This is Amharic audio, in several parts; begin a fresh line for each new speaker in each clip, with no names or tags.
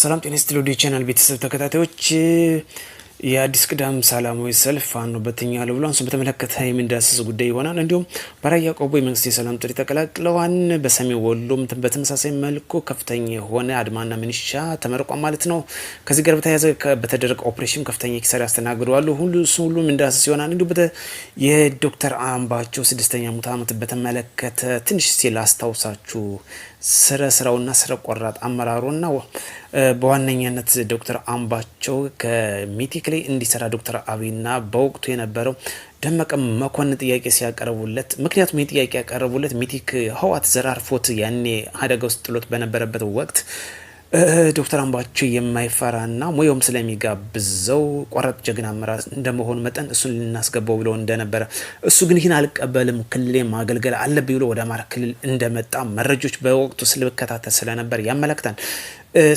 ሰላም ጤና ስትል ወደ ቻናል ቤተሰብ ተከታታዮች የአዲስ ቅዳም ሰላማዊ ሰልፍ ፋኖ በትኛለሁ ብሎ አንሱን በተመለከተ የምንዳስስ ጉዳይ ይሆናል። እንዲሁም በራያ ቆቦ የመንግስት የሰላም ጥሪ ተቀላቅለዋን። በሰሜን ወሎም በተመሳሳይ መልኩ ከፍተኛ የሆነ አድማና ምንሻ ተመርቋ ማለት ነው። ከዚህ ጋር በተያያዘ በተደረገ ኦፕሬሽን ከፍተኛ ኪሳሪ ያስተናግደዋሉ። እሱ ሁሉ ምንዳስስ ይሆናል። እንዲሁም የዶክተር አምባቸው ስድስተኛ ሙት ዓመት በተመለከተ ትንሽ ሲል አስታውሳችሁ ስለ ስራውና ስለ ቆራጥ አመራሩና በዋነኛነት ዶክተር አምባቸው ከሚቲክ ላይ እንዲሰራ ዶክተር አብይና በወቅቱ የነበረው ደመቀ መኮንን ጥያቄ ሲያቀርቡለት፣ ምክንያቱም ይህ ጥያቄ ያቀረቡለት ሚቲክ ህዋት ዘራርፎት ያኔ አደጋ ውስጥ ጥሎት በነበረበት ወቅት ዶክተር አምባቸው የማይፈራና ሙያውም ስለሚጋብዘው ቆራጥ ጀግና አመራር እንደመሆኑ መጠን እሱን ልናስገባው ብለው እንደነበረ፣ እሱ ግን ይህን አልቀበልም ክልሌ ማገልገል አለብኝ ብሎ ወደ አማራ ክልል እንደመጣ መረጃዎች በወቅቱ ስልብከታተል ስለነበር ያመለክታል።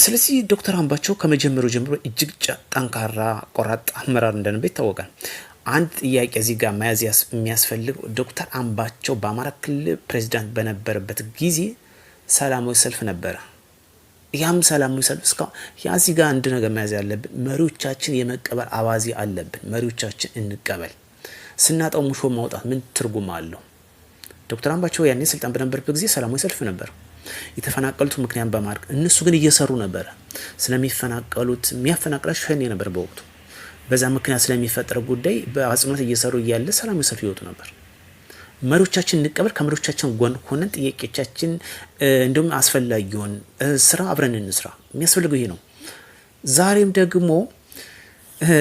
ስለዚህ ዶክተር አምባቸው ከመጀመሩ ጀምሮ እጅግ ጠንካራ ቆራጥ አመራር እንደነበር ይታወቃል። አንድ ጥያቄ እዚህ ጋር መያዝ የሚያስፈልግ ዶክተር አምባቸው በአማራ ክልል ፕሬዚዳንት በነበረበት ጊዜ ሰላማዊ ሰልፍ ነበረ። ያም ሰላም ሰልፍ እስካሁን ያ እዚህ ጋር አንድ ነገር መያዝ ያለብን መሪዎቻችን የመቀበል አባዜ አለብን። መሪዎቻችን እንቀበል። ስናጣው ሙሾ ማውጣት ምን ትርጉም አለው? ዶክተር አምባቸው ያኔ ስልጣን በነበርበት ጊዜ ሰላማዊ ሰልፍ ነበር የተፈናቀሉት ምክንያት በማድረግ እነሱ ግን እየሰሩ ነበረ። ስለሚፈናቀሉት የሚያፈናቅላቸው ሸኔ ነበር በወቅቱ። በዛ ምክንያት ስለሚፈጠረው ጉዳይ በአጽንኦት እየሰሩ እያለ ሰላማዊ ሰልፍ ይወጡ ነበር። መሪዎቻችን እንቀበል፣ ከመሪዎቻችን ጎን ሆነን ጥያቄዎቻችን እንዲሁም አስፈላጊውን ስራ አብረን እንስራ። የሚያስፈልገው ይሄ ነው። ዛሬም ደግሞ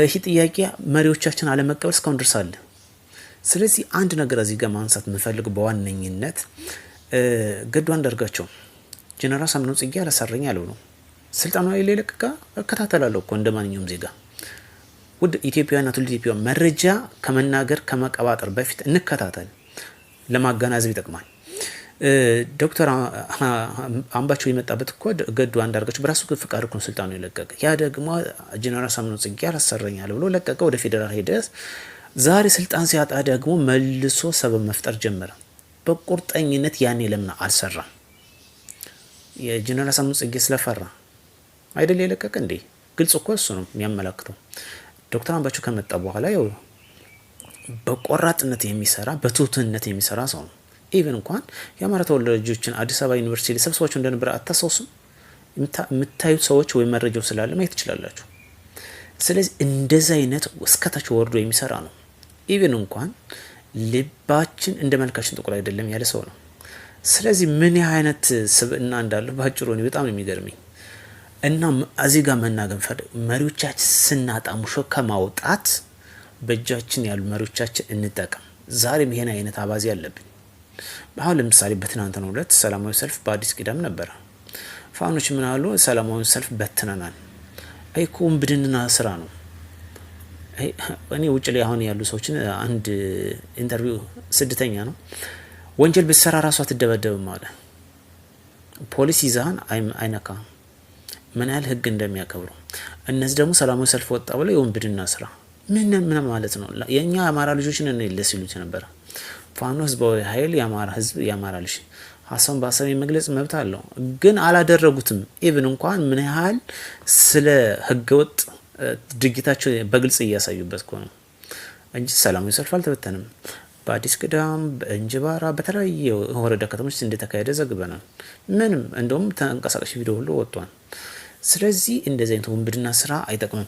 ይህ ጥያቄ መሪዎቻችን አለመቀበል እስካሁን ድረስ አለ። ስለዚህ አንድ ነገር እዚህ ጋር ማንሳት የምንፈልገው በዋነኝነት ገዱ አንዳርጋቸው ጀነራል ሳምነው ጽጌ አላሰረኝ ያለው ነው። ስልጣኗ የሌለቅ ጋ እከታተላለሁ እኮ እንደ ማንኛውም ዜጋ ውድ ኢትዮጵያና ትውልደ ኢትዮጵያ መረጃ ከመናገር ከመቀባጠር በፊት እንከታተል። ለማገናዘብ ይጠቅማል። ዶክተር አምባቸው የመጣበት እኮ ገዱ አንዳርጋቸው በራሱ ፍቃድ ስልጣኑ የለቀቀ ያ ደግሞ ጀነራል ሳምኖ ጽጌ አላሰረኛል ብሎ ለቀቀ። ወደ ፌዴራል ሄደ። ዛሬ ስልጣን ሲያጣ ደግሞ መልሶ ሰበብ መፍጠር ጀመረ። በቁርጠኝነት ያኔ ለምን አልሰራም? የጀነራል ሳምኖ ጽጌ ስለፈራ አይደል የለቀቀ እንዴ? ግልጽ እኮ እሱ ነው የሚያመላክተው። ዶክተር አምባቸው ከመጣ በኋላ ያው በቆራጥነት የሚሰራ በትሁትነት የሚሰራ ሰው ነው። ኢቨን እንኳን የአማራ ተወላጆችን አዲስ አበባ ዩኒቨርሲቲ ሊሰብሰባቸው እንደነበረ አታሰውስም። የምታዩት ሰዎች ወይም መረጃው ስላለ ማየት ትችላላችሁ። ስለዚህ እንደዚህ አይነት እስከታች ወርዶ የሚሰራ ነው። ኢቨን እንኳን ልባችን እንደ መልካችን ጥቁር አይደለም ያለ ሰው ነው። ስለዚህ ምን አይነት ስብዕና እንዳለ በአጭሩ እኔ በጣም ነው የሚገርመኝ። እና እዚህ ጋር መናገር መሪዎቻችን ስናጣ ሙሾ ከማውጣት በእጃችን ያሉ መሪዎቻችን እንጠቀም። ዛሬም ይሄን አይነት አባዜ አለብን። አሁን ለምሳሌ በትናንትናው ዕለት ሰላማዊ ሰልፍ በአዲስ ቅዳም ነበረ። ፋኖች ምን አሉ? ሰላማዊ ሰልፍ በትነናል። አይኮ ውንብድና ስራ ነው። እኔ ውጭ ላይ አሁን ያሉ ሰዎችን አንድ ኢንተርቪው ስደተኛ ነው ወንጀል ብትሰራ ራሱ አትደበደብም አለ። ፖሊስ ይዛህን አይነካ ምን ያህል ህግ እንደሚያከብሩ እነዚህ ደግሞ ሰላማዊ ሰልፍ ወጣ ብለው የውንብድና ስራ ምን ምን ማለት ነው? የእኛ የአማራ ልጆችን እንለስ ይሉት ነበረ። ፋኖ ህዝባዊ ኃይል የአማራ ህዝብ የአማራ ልጅ ሀሳቡን በሀሳብ የመግለጽ መብት አለው፣ ግን አላደረጉትም። ኢብን እንኳን ምን ያህል ስለ ህገወጥ ድርጊታቸው በግልጽ እያሳዩበት ከሆነ እንጂ ሰላማዊ ሰልፍ አልተበተንም። በአዲስ ቅዳም፣ በእንጅባራ፣ በተለያየ ወረዳ ከተሞች እንደተካሄደ ዘግበናል። ምንም እንደውም ተንቀሳቃሽ ቪዲዮ ሁሉ ወጥቷል። ስለዚህ እንደዚህ አይነት ውንብድና ስራ አይጠቅምም።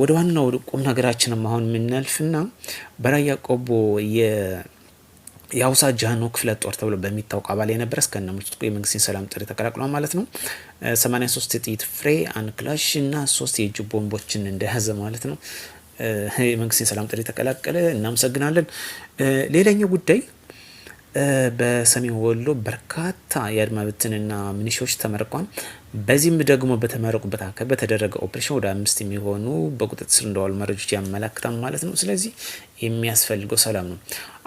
ወደ ዋናው ቁም ነገራችንም አሁን የምናልፍና በራያ ቆቦ የአውሳ ጃኖ ክፍለ ጦር ተብሎ በሚታወቅ አባል የነበረ እስከነ ሙሉ የመንግስትን ሰላም ጥሪ ተቀላቅሏል ማለት ነው። 83 ጥይት ፍሬ አንድ ክላሽ እና ሶስት የእጅ ቦምቦችን እንደያዘ ማለት ነው። የመንግስትን ሰላም ጥሪ ተቀላቀለ። እናመሰግናለን። ሌላኛው ጉዳይ በሰሜን ወሎ በርካታ የአድማ ብትንና ሚኒሻዎች ተመርቋል። በዚህም ደግሞ በተመረቁበት አካባቢ በተደረገ ኦፕሬሽን ወደ አምስት የሚሆኑ በቁጥጥር ስር እንደዋሉ መረጆች ያመላክታል ማለት ነው። ስለዚህ የሚያስፈልገው ሰላም ነው።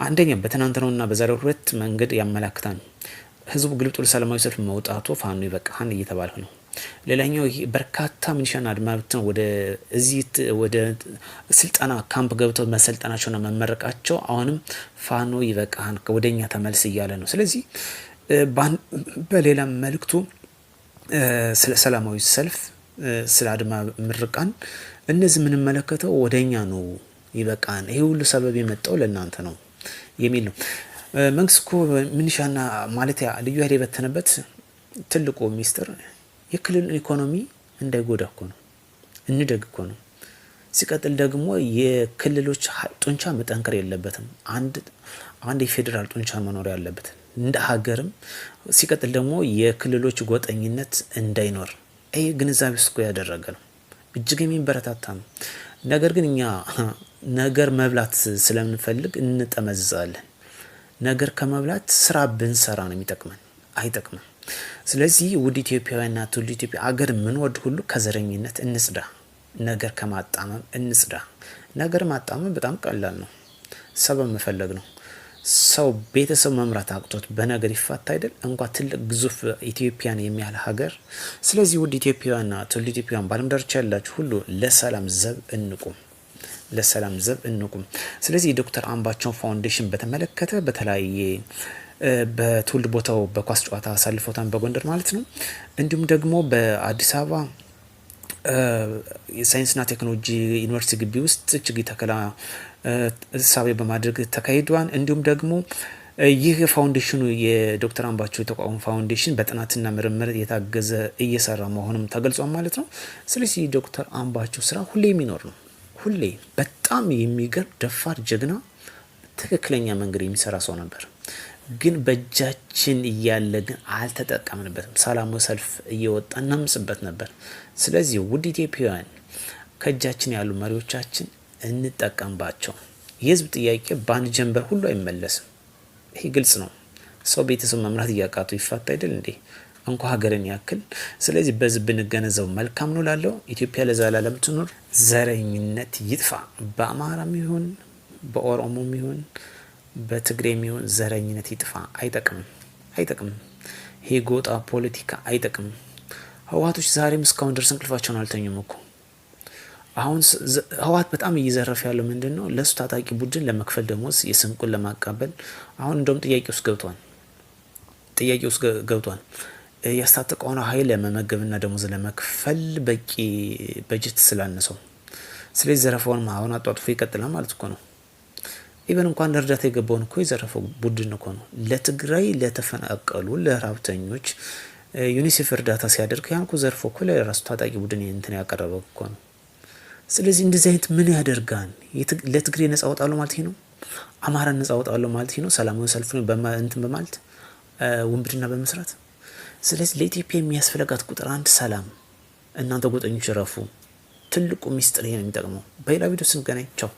አንደኛ በትናንትናውና በዛሬው ሁለት መንገድ ያመላክታል። ህዝቡ ግልብጦ ለሰላማዊ ሰልፍ መውጣቱ ፋኖ ይበቃሃን እየተባለ ነው። ሌላኛው በርካታ ሚኒሻና አድማ ወደዚህ ወደ ስልጠና ካምፕ ገብተው መሰልጠናቸውና መመረቃቸው አሁንም ፋኖ ይበቃህን ወደኛ ተመልስ እያለ ነው። ስለዚህ በሌላም መልእክቱ ስለ ሰላማዊ ሰልፍ፣ ስለ አድማ ምርቃን እነዚህ የምንመለከተው ወደኛ ነው ይበቃን፣ ይሄ ሁሉ ሰበብ የመጣው ለእናንተ ነው የሚል ነው። መንግስት እኮ ሚኒሻና ማለት ልዩ ኃይል የበተነበት ትልቁ ሚስጥር የክልሉን ኢኮኖሚ እንዳይጎዳ እኮ ነው፣ እንደግ እኮ ነው። ሲቀጥል ደግሞ የክልሎች ጡንቻ መጠንከር የለበትም። አንድ የፌዴራል ጡንቻ መኖር ያለበት እንደ ሀገርም። ሲቀጥል ደግሞ የክልሎች ጎጠኝነት እንዳይኖር ይህ ግንዛቤ ውስጥ ያደረገ ነው። እጅግ የሚበረታታ ነው። ነገር ግን እኛ ነገር መብላት ስለምንፈልግ እንጠመዝዛለን። ነገር ከመብላት ስራ ብንሰራ ነው የሚጠቅመን፣ አይጠቅመን ስለዚህ ውድ ኢትዮጵያውያንና ትውልድ ኢትዮጵያ አገር የምንወድ ሁሉ ከዘረኝነት እንጽዳ፣ ነገር ከማጣመም እንጽዳ። ነገር ማጣመም በጣም ቀላል ነው፣ ሰበብ መፈለግ ነው። ሰው ቤተሰብ መምራት አቅቶት በነገር ይፋታ አይደል? እንኳ ትልቅ ግዙፍ ኢትዮጵያን የሚያህል ሀገር። ስለዚህ ውድ ኢትዮጵያውያንና ትውልደ ኢትዮጵያውያን በዓለም ዳርቻ ያላችሁ ሁሉ ለሰላም ዘብ እንቁም ለሰላም ዘብ እንቁም። ስለዚህ የዶክተር አምባቸውን ፋውንዴሽን በተመለከተ በተለያየ በትውልድ ቦታው በኳስ ጨዋታ አሳልፎታን በጎንደር ማለት ነው። እንዲሁም ደግሞ በአዲስ አበባ የሳይንስና ቴክኖሎጂ ዩኒቨርሲቲ ግቢ ውስጥ ችግኝ ተከላ እሳቤ በማድረግ ተካሂዷል። እንዲሁም ደግሞ ይህ ፋውንዴሽኑ የዶክተር አምባቸው የተቋቋሙ ፋውንዴሽን በጥናትና ምርምር የታገዘ እየሰራ መሆኑም ተገልጿል ማለት ነው። ስለዚህ ዶክተር አምባቸው ስራ ሁሌ የሚኖር ነው። ሁሌ በጣም የሚገርም ደፋር፣ ጀግና፣ ትክክለኛ መንገድ የሚሰራ ሰው ነበር። ግን በእጃችን እያለ ግን አልተጠቀምንበትም። ሰላሙ ሰልፍ እየወጣ እናምጽበት ነበር። ስለዚህ ውድ ኢትዮጵያውያን ከእጃችን ያሉ መሪዎቻችን እንጠቀምባቸው። የህዝብ ጥያቄ በአንድ ጀንበር ሁሉ አይመለስም። ይሄ ግልጽ ነው። ሰው ቤተሰብ መምራት እያቃቱ ይፋታ አይደል እንዴ? እንኳ ሀገርን ያክል። ስለዚህ በዚህ ብንገነዘቡ መልካም ነው። ላለው ኢትዮጵያ ለዘላለም ትኑር። ዘረኝነት ይጥፋ። በአማራም ይሁን በኦሮሞም ይሁን በትግሬ የሚሆን ዘረኝነት ይጥፋ። አይጠቅምም፣ አይጠቅምም። ይሄ ጎጣ ፖለቲካ አይጠቅምም። ህወሀቶች ዛሬም እስካሁን ድረስ እንቅልፋቸውን አልተኙም እኮ። አሁን ህወሀት በጣም እየዘረፈ ያለው ምንድን ነው? ለእሱ ታጣቂ ቡድን ለመክፈል ደሞዝ፣ የስንቁን ለማቃበል አሁን እንደውም ጥያቄ ውስጥ ገብቷል፣ ጥያቄ ውስጥ ገብቷል። ያስታጠቀውን ሀይል ለመመገብና ደሞዝ ለመክፈል በቂ በጀት ስላነሰው፣ ስለዚህ ዘረፈውን አሁን አጧጥፎ ይቀጥላል ማለት እኮ ነው። ኢቨን እንኳን ለእርዳታ የገባውን እኮ የዘረፈው ቡድን እኮ ነው። ለትግራይ ለተፈናቀሉ ለረሀብተኞች ዩኒሴፍ እርዳታ ሲያደርግ ያን እኮ ዘርፎ እኮ ለራሱ ታጣቂ ቡድን እንትን ያቀረበ እኮ ነው። ስለዚህ እንደዚህ አይነት ምን ያደርጋል? ለትግሬ ነጻ ወጣለሁ ማለት ነው፣ አማራን ነጻ ወጣለሁ ማለት ነው፣ ሰላማዊ ሰልፍ እንትን በማለት ውንብድና በመስራት ስለዚህ ለኢትዮጵያ የሚያስፈልጋት ቁጥር አንድ ሰላም። እናንተ ጎጠኞች ረፉ። ትልቁ ሚስጥር ይሄ ነው የሚጠቅመው። በሌላ ቪዲዮ ስንገናኝ ቻው።